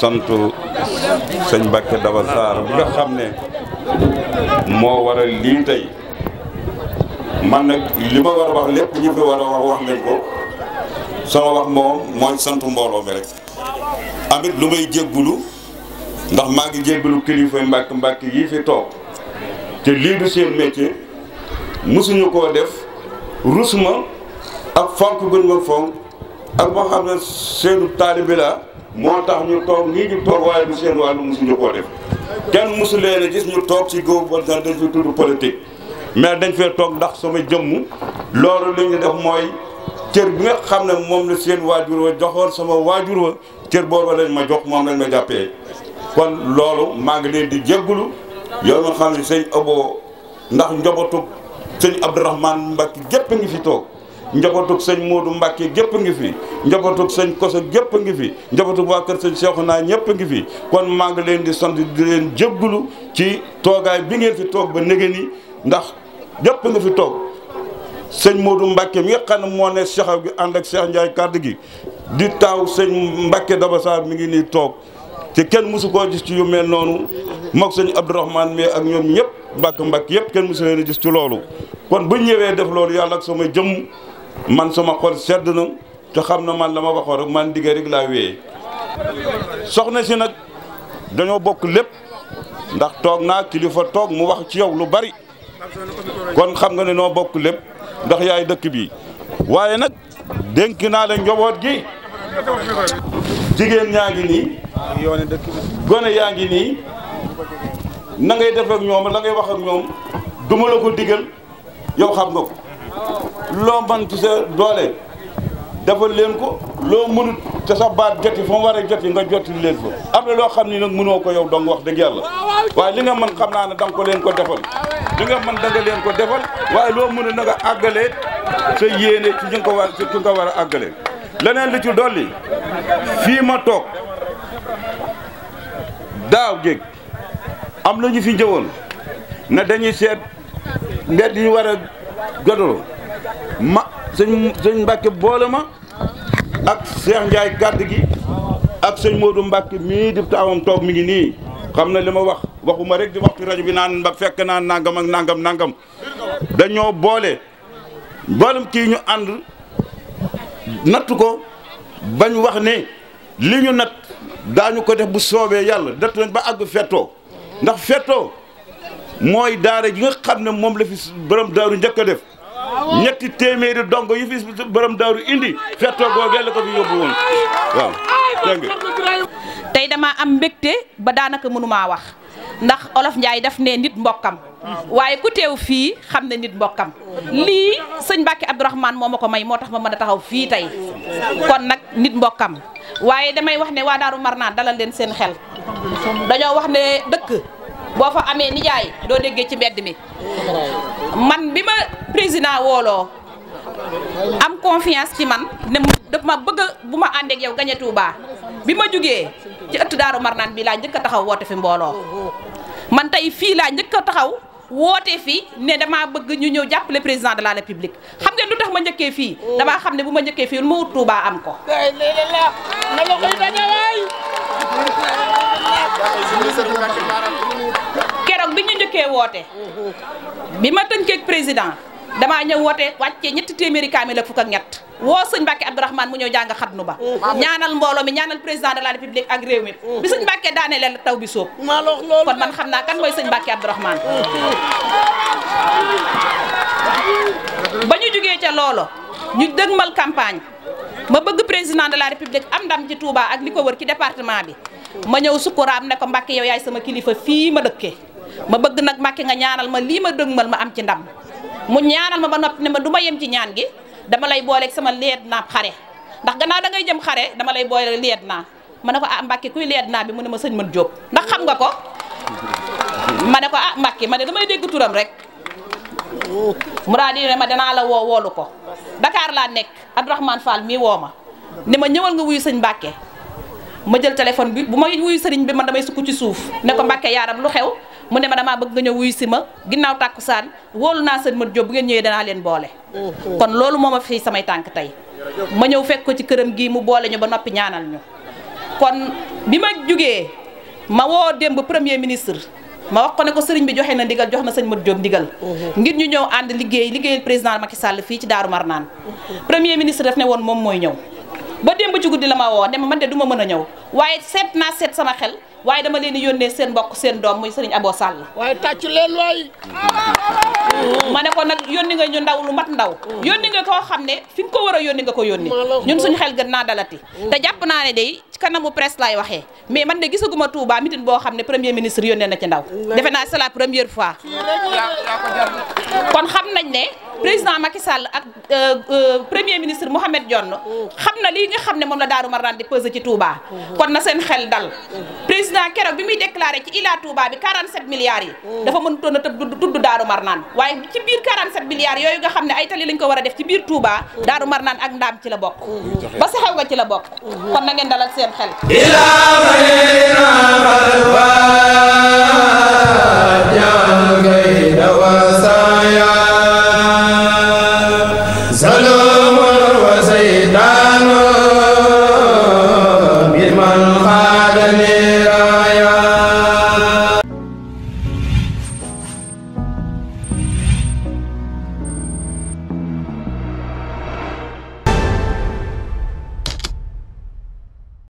sant sëñ Mbacke Daba Sarr bi nga xam ne moo waral lii tey man nag li ma war a wax lépp ñu fi war a wax wax ngeen ko sama wax moom mooy sant mbooloo mi rek amit lu may jéggulu ndax maa ngi jéggulu kilifa Mbacke Mbacke yi fi toog te lii du seen métier mosuñu koo def rus ma ak fonk gën ma fonk ak ma xam ne seenu taalibe la moo tax ñu toog nii ñu toog waaye du seen wàllu mosuñu koo def kenn mosu leen gis ñu toog ci góobu ba dañ fi tudd politique mais dañ fee toog ndax sama jëmm loolu li ñu def mooy cër bi nga xam ne moom la seen waajur wa joxoon sama waajur wa cër booba lañ ma jox moom lañ ma jàppee kon loolu maa ngi leen di jéggulu yow nga xam ne sëñ ndax njabootug sëñ Abdourahmane Mbacke gépp ngi fi toog njabootug sëñ Modou Mbacke gépp ngi fi njabootug sëñ Koso gépp ngi fi njabootug waa kër sëñ Cheikhouna ñëpp ngi fi kon maa ngi leen di sant di leen jéggalu ci toogaay bi ngeen fi toog ba nege ni ndax gépp nga fi toog sëñ Modou Mbacke mi nga xam ne moo ne Cheikh gi ànd ak Cheikh Ndiaye kàddu gi di taaw sëñ Mbacke Daba Sarr mi ngi nii toog te kenn mësu koo gis ci yu mel noonu mook sëñ Abdourahmane mais ak ñoom ñëpp mbàkk mbàkk yëpp kenn mosu leen a gis ci loolu kon bu ñëwee def loolu yàlla ak sama jëm man sama xol sedd na te xam na man la ma waxoon rek man diggee rek laa wéyee soxna si nag dañoo bokk lépp ndax toog naa kilifa toog mu wax ci yow lu bari kon xam nga ne noo bokk lépp ndax yaay dëkk bi waaye nag dénk naa la njaboot gi jigéen ñaa ngi nii gone yaa ngi nii na ngay def ak ñoom la ngay wax ak ñoom duma la ko digal yow xam nga ko loo man ci sa doole defal leen ko loo mënut te sa baat joti fa mu war a nga joti leen fa am na loo xam ni nag mënoo ko yow dong wax dëgg yàlla waaye li nga mën xam naa ne danga ko leen ko defal li nga mën danga leen ko defal waaye loo mënut na nga àggale sa yéene ci nga ko war ci nga ko war a àggale leneen li ci dolli fii ma toog daaw jéeg am na ñu fi jëwoon na dañuy seet mbedd yi war a godolu ma sëñ sëñ Mbàkke boole ma ak Cheikh Ndiaye kàddu gi ak sëñ Modou Mbàkke mii di taawam toog mi ngi nii xam na li ma wax waxuma rek di wax ci rajo bi naan ba fekk naa nangam ak nangam nangam dañoo boole mboolem kii ñu ànd natt ko bañ wax ne li ñu natt daañu ko def bu soobee yàlla natt nañ ba àgg fettoo ndax fettoo mooy daara ji xam ne moom la fi borom daaru njëkk a def ñetti téeméeri dongo yi fi borom daaru indi fettoo googee la ko fi yóbbu woon waaw tey damaa am mbégte ba daanaka mënumaa wax ndax olof njaay def ne nit mbokkam waaye ku teew fii xam ne nit mbokkam lii sëñ Mbacke Abdourahmane moo ma ko may moo tax ma mën a taxaw fii tey kon nag nit mbokkam waaye damay wax ne waa Daaru naa dalal leen seen xel dañoo wax ne dëkk boo fa amee ni jaay doo déggee ci mbedd mi man bi ma président wooloo am confiance ci man ne daf ma bëgg bu ma àndeek yow gañe Touba bi ma jógee ci ëtt daaru marnaan bi laa jëkk taxaw woote fi mbooloo man tey fii laa njëkk a taxaw woote fi ne damaa bëgg ñu ñëw jàppale président de la république xam ngeen lu tax ma njëkkee fii damaa xam ne bu ma njëkkee fii lu ma wut Touba am ko keroog bi ñu njëkkee woote bi ma tënkeeg président damaa ñëw woote wàccee ñetti téeméeri kaamil ak fukk ak ñett woo sëñ Mbacke Abdourahmane mu ñëw jàng xatnu ba ñaanal mbooloo mi ñaanal président de la république ak réew mi bi sëñ Mbacke daane leen taw bi sóob kon man xam naa kan mooy sëñ Mbacke Abdourahmane ba ñu jógee ca loolo ñu dëgmal campagne ma bëgg président de la république am ndam ci Touba ak li ko wër ci département bi ma ñëw sukkuraam ne ko Mbàkke yow yaay sama kilifa fii ma dëkke ma bëgg nag Mbàkke nga ñaanal ma lii ma dëgmal ma am ci ndam mu ñaanal ma ba noppi ne ma du ma yem ci ñaan gi dama lay booleek sama leet naab xare ndax gannaaw dangay ngay jëm xare dama lay booleeg leet naa ma ne ko ah Mbàkke kuy leet naa bi mu ne ma sëñ mën jóob ndax xam nga ko ma ne ko ah Mbàkke ma ne damay dégg turam rek mu ma danaa la woo woolu ko Dakar laa nekk Abdourahmane Fall mii woo ma ne ma ñëwal nga wuyu sëñ Mbàkke ma jël téléphone bi bu ma wuyu sëriñ bi man damay sukk ci suuf ne ko mbàkke yaaram lu xew mu ne ma damaa bëgg nga ñëw wuyu si ma ginnaaw saan wóolu naa seen mat jóob bu ngeen ñëwee danaa leen boole kon loolu moo ma fii samay tànk tey ma ñëw fekk ko ci këram gii mu boole ñu ba noppi ñaanal ñu kon bi ma jógee ma woo démb premier ministre ma wax ko ne ko sëriñ bi joxe na ndigal jox na sëñ Modou Diop ndigal ngir ñu ñëw ànd liggéey liggéeyal président Macky Sall fii ci Daaru Marnaan premier ministre ne woon moom mooy ñëw ba démb ci guddi la ma woo ne ma man de du mën a ñëw waaye seet naa seet sama xel waaye dama leen di yónnee seen mbokk seen doom muy sëriñ Abo Sall. waaye tàcc leen waay. ma ne ko nag yónni nga ñu ndaw lu mat ndaw. yónni nga koo xam ne fi nga ko war a yónni nga ko yónni. ñun suñu xel gën naa dalati. te jàpp naa ne day kanamu presse laay waxee mais man de gisaguma Touba mitin boo xam ne premier ministre yónnee na ci ndaw. defe naa c'est la première fois. kon xam nañ ne. président Macky sàll ak euh, euh, premier ministre Mohamed Dionne mm. xam na lii nga xam ne moom la Darou Marnane di peser ci Touba. Mm. kon na seen xel dal. Mm. président keroog bi muy déclaré ci Ila Touba bi 47 milliards yi. Oh. dafa mënutoon a tëb tudd Daaru Marnaan waaye ci biir 47 milliards yooyu nga xam ne ay tali lañ ko war a def ci biir Touba. Oh. Daaru Marnaan ak Ndaam ci la bokk. Oh. ba sa xew nga ci la bokk. kon na dalal seen xel.